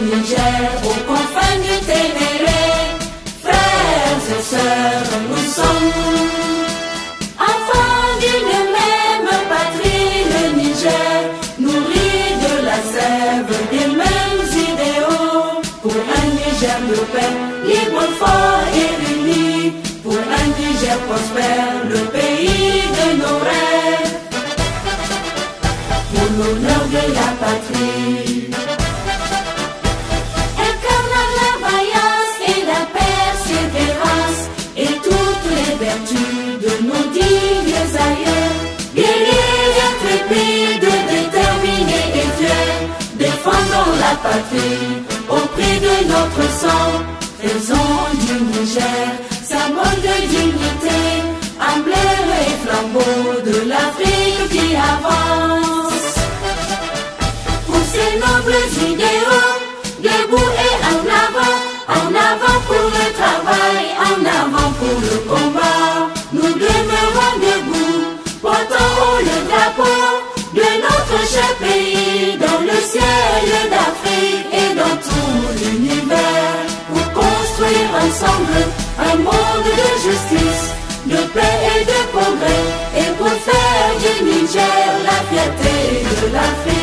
Niger aux confins du Ténéré, frères et sœurs, nous sommes enfants d'une même patrie, le Niger, nourri de la sève des mêmes idéaux, pour un Niger de paix, libre, fort et réuni pour un Niger prospère, le pays de nos rêves, pour l'honneur de la patrie. au prix de notre sang, faisons du Niger sa mode de dignité, emblème et flambeau de l'Afrique qui avance. Pour ces nobles idéaux, debout et en avant, en avant pour le travail. un monde de justice, de paix et de progrès, et pour faire du Niger la fierté de l'Afrique.